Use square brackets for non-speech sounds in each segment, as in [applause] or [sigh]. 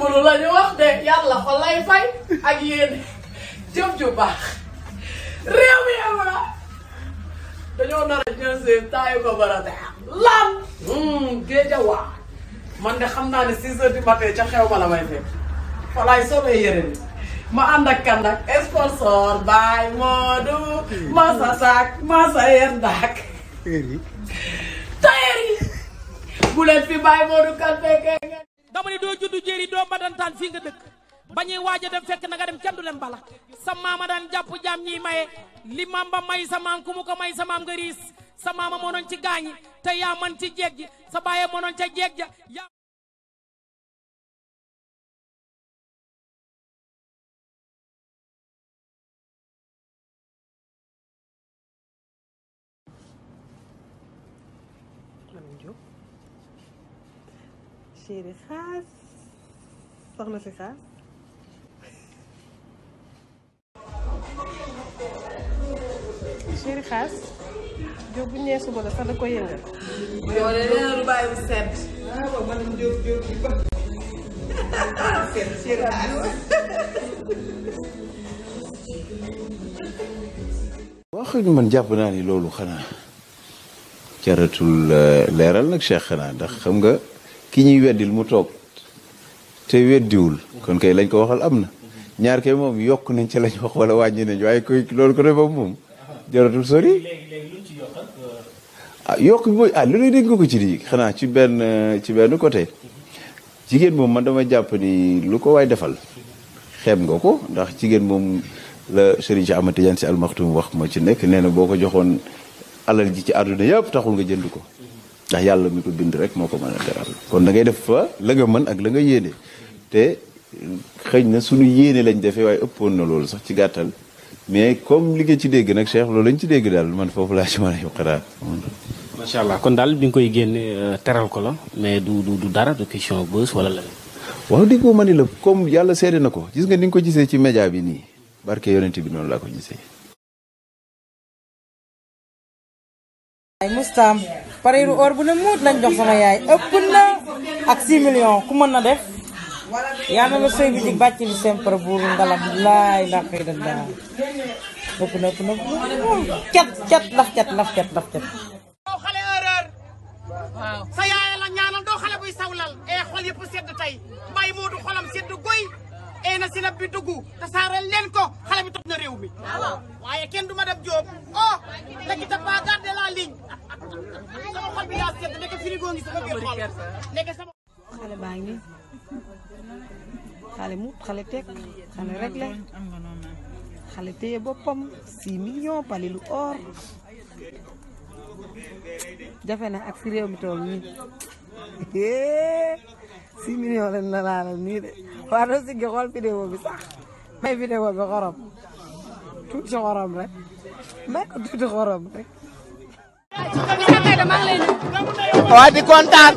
jublu la ñu wax de yàlla xol lay fay ak yéen jëf ju baax réew mi am na dañoo nar a jël seen taayu ko bara de lan hmm, géej a waa man de xam naa ne six heures du matin ca xew ma la may fekk fa laay solee yére ni ma ànd ak kan nag sponsor baay Modou Massa Saak Massa Yer Ndaak tailleur yi bu leen fi baay Modou kan fekkee ma ne doo juddu jéeri doo badantaan fii nga dëkk ba ñuy waaj a dem fekk na nga dem kenn du leen bala sa maama daan jàpp jaam ñiy maye li maam ba may sa maam ku mu ko may sa maam nga riis sa maama ci gaañi te yaa man ci jeeg ji sa baaye mënoon ca jeeg ja شيري خاص صغنطي خاص شيري خاص جو بني اسو بولا سالا كو ينغا بولا لينا رباي وسيب اه ما من جابناني لولو خنا جراتول ليرال شيخنا شيخ خنا ki ñuy weddil mu toog te weddiwul kon kay lañ ko waxal am na ñaar ke moom yokk nañ ca lañ wax wala wàññi nañ waaye koy loolu ko ne boobu moom jaratul sori euh, ah, yokk bi mooy ah, ko ci di xanaa ci benn ci benn côté jigéen moom man dama jàpp ni lu ko waay defal xeeb nga ko ndax jigéen moom la Serigne si Amady Tidiane si almaxtum wax moo ci nekk nee na boo ko joxoon alal ji ci àdduna yëpp taxul nga jëndu ko ndax yàlla mi ko bind rek moo ko mën a teral kon da ngay def fa la nga mën ak la nga yéene te xëy na suñu yéene lañ defee waaye ëppoon na loolu sax ci gàttal mais comme li ci dégg nag Cheikh loolu lañ ci dégg daal man foofu laa ci mën a yuqaraat kon daal bi nga koy génne euh, teral ko la mais du du dara du question bës wala la waaw déggoo ma ni la comme yàlla seede na ko gis nga ni ko gisee ci média bi nii barke yonent bi noonu laa ko gisee. pare ru or bu ne mut lañ jox sama yaay ëpp na ak 6 millions ku mëna def ya na la sey bi di bàcc bi sempre buur ngalam lay la kay da daa ëpp na ëpp na cet cet daf cet daf cet daf cet xalé erreur waaw sa yaay la ñaanal do xalé buy sawlal e xol yëpp sedd bay mo du xolam sedd goy e na sinab bi duggu ta saareel len ko xalé bi topp na rew mi waaye kenn du def job oh ta pas garder la ligne [laughs] sedd nekk frigo ngi sama biir xol nekk sama xale baa ngi xale mu xale teg xale réglé xale téye boppam 6 millions pali lu or jafe na ak si réew mi tool nii 6 [laughs] millions lañ na laalal nii de waa doo siggi xool vidéo bi sax may vidéo bi xorom tuuti xorom rek may ko tuuti xorom rek waaw di kontaan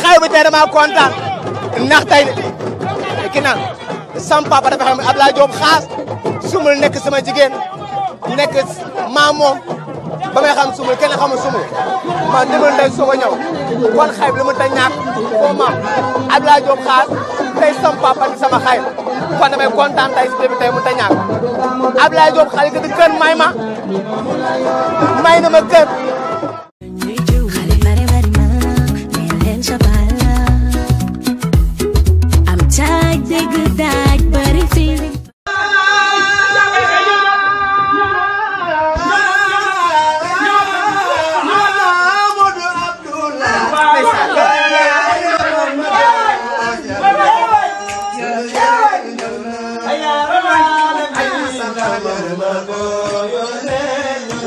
xew bi tey dama kontaan ndax tey ki naan sama papa dafa xam Abdoulaye Diop xaas sumul nekk sama jigéen nekk maa moom ba may xam sumul kenn xamul sumul ma dimbal ndey soog a ñëw kon xew mu ta ñàkk foo maam Abdoulaye xaas tey sama papa sama xew kon kontaan tey si bi tey mu ta ñàkk Ablaye Diop xale nga di kër may ma may na ma kër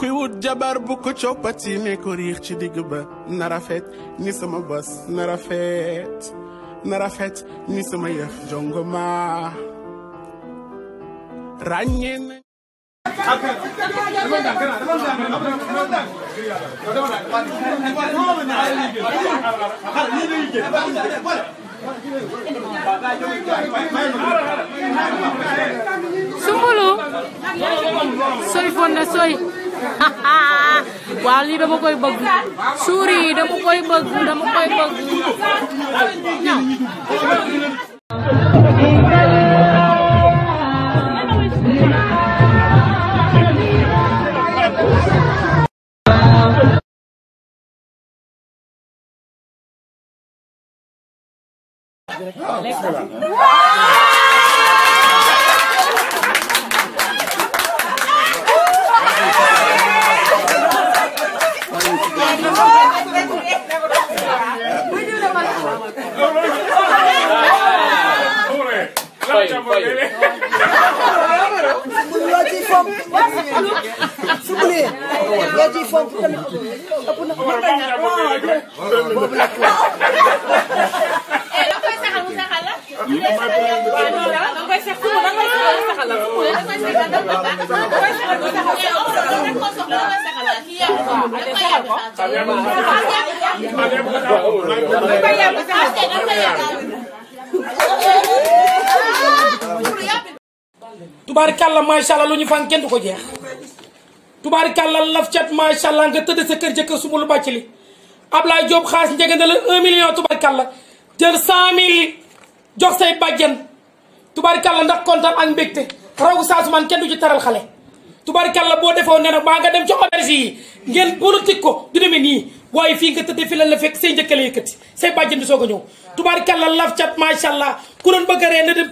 kuy wut jabar bu ko coppati ne ko riix ci digg ba na rafet ni sama bos na rafet na rafet ni sama yëf jongoma ràññee na Sumbulu soy fonde soy [laughs] Wali dama koy bëgg suri yi dama koy bëgg dama koy bëgg Lekk nah. fine, fine. Lagi form, sebeli, lagi form kan apa nak bertanya? Bawa belak. Eh, apa yang kamu sahalah? Apa yang kamu sahalah? Apa yang kamu sahalah? Apa yang kamu sahalah? tubaarikàlla macha allah lu ñu fànn kenn du ko jeex tubaarikàlla laf cat macha allah nga tëdd sa kër jëkkër suba lu bàcc li Ablaye Diop xaas njëgënd la 1 million tubaarikàlla jël 100000 jox say bàjjen tubaarikàlla ndax kontaan ak mbégte raw saa su man kenn du ci taral xale. tubaarikàlla boo defoo nee na maa nga dem ci auberge yi ngeen politique ko du demee nii waaye fii nga tëddee fi la la fekk say njëkkale yëkkati say bàjjen di soog a ñëw tubaarikàlla laf cat macha allah ku doon bëgg a ree na dem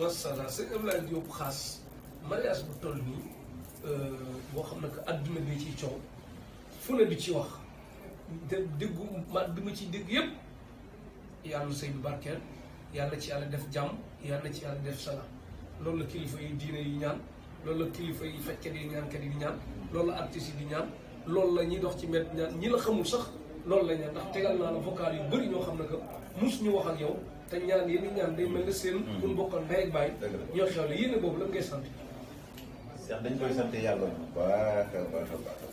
masala sëñ Abdoulaye Diop xaas mariage bu toll nii euh, boo xam na que adduna bi ciy coow fu ne di ci wax te déggu man bi ma ciy dégg yëpp yàlla na sëy bi barkeel yàlla ci yàlla def jàmm yàlla ci yàlla def salaam loolu la kilifa yi diine yi ñaan loolu la kilifa yu fajkat yi ñaankat yi ñaan lool la artistes yi ñaan loolu la ñuy dox ci mbedd ñaan ñi la xamul sax loolu la ñaan ndax tegal naa la vocal yu bari ñoo xam ne que mosuñu wax ak yow. te ñaan yéen i ñaan day mel ne seen. Mm-hmm. bu ñu bokkal ndey ak baay. ñoo xew la yéen boobu lan ngay sant. Cheikh dañ koy sant yàlla bu baax a baax.